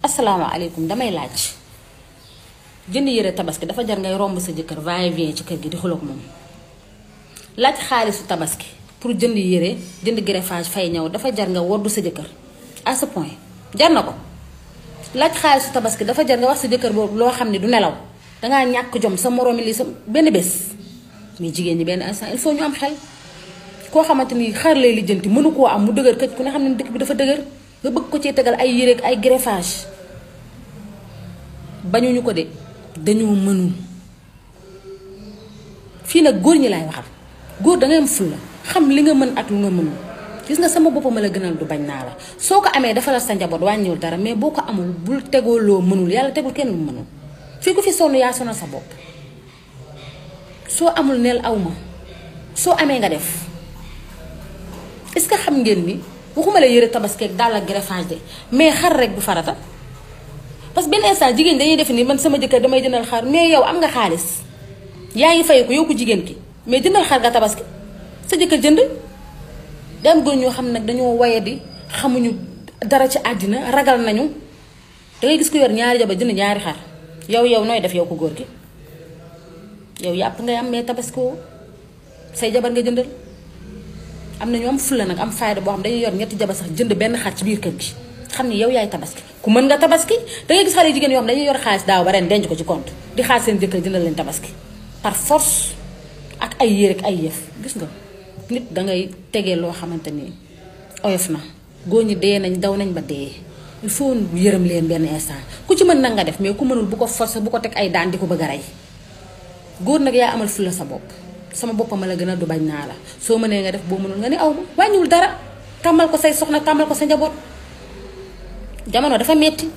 asalaamaaleykum damay laaj jënd yëre tabaski dafa jar ngay romb sa jëkkër va vient ci kër gi di xuloog moom laaj xaalisu tabaski pour jënd yére jënd greffage fay ñëw dafa jar nga woddu sa jëkkër à ce point jar na ko laaj xaalisu tabaski dafa jar nga wax sa jëkkër boobu loo xam ne du nelaw dangaa ñàkk jom sa moroomi lii sa benn bés muy jigéen ñi benn instant il faut ñu am xel koo xamante ni xar lay lijjanti mënu koo am mu dëgër këj ku ne xam ne dëkk bi dafa dëgër nga bëgg ko ci tegal ay yëre ak ay bañuñu ko de dañoo mënul fii nag góor ñi laay waxal góor da ngay am fulla xam li nga mën at lu nga mënul gis nga sama boppam la gënal du bañ naa la soo ko amee defaral sa njaboot wàññiwul dara mais boo ko amul bul tegoo loo mënul yàlla tegul kenn lu mënul fi ku fi sonn yaa sonal sa bopp soo amul neel aw soo amee nga def est-ce que xam ngeen ni waxuma la yére tabaski ak dàll ak greffage de mais xar rek du farata. parce que benn instant jigéen dañuy defe ni man sama jëkkër damay jëndal xar mais yow am nga xaalis yaa ngi fay ko yow ko jigéen ki mais jëndal xar nga tabaski sa jëkkër jënd dem góor ñoo xam nag dañoo waye di xamuñu dara ci àddina ragal nañu da ngay gis ko yor ñaari jabar jënd ñaari xar yow yow nooy def yow ko góor gi yow yàpp ngay am mais tabaski woo say jabar nga jëndal am na ñu am fulla nag am fayda boo xam dañuy yor ñetti jabar sax jënd benn xar ci biir kër gi xam ni yow yaay tabaski ku mën nga tabaski da ngay gis xale jigéen yoo xam dañuy yor xaalis daaw ba ren denc ko ci compte di xaar seen jëkkër dina leen tabaski par force ak ay yére ak ay yëf gis nga nit da ngay tegee loo xamante ni oyof na góor ñi dee nañ daw nañ ba dee il faut yërëm leen benn instant ku ci mën na nga def mais ku mënul bu ko force bu ko teg ay daan di ko bëgg a rey góor nag yaa amal fula sa bopp sama ma la gën a du bañ naa la soo mënee nga def boo mënul nga ni aw dara tàmmal ko say soxna tàmmal ko sa njaboot jamono dafa metti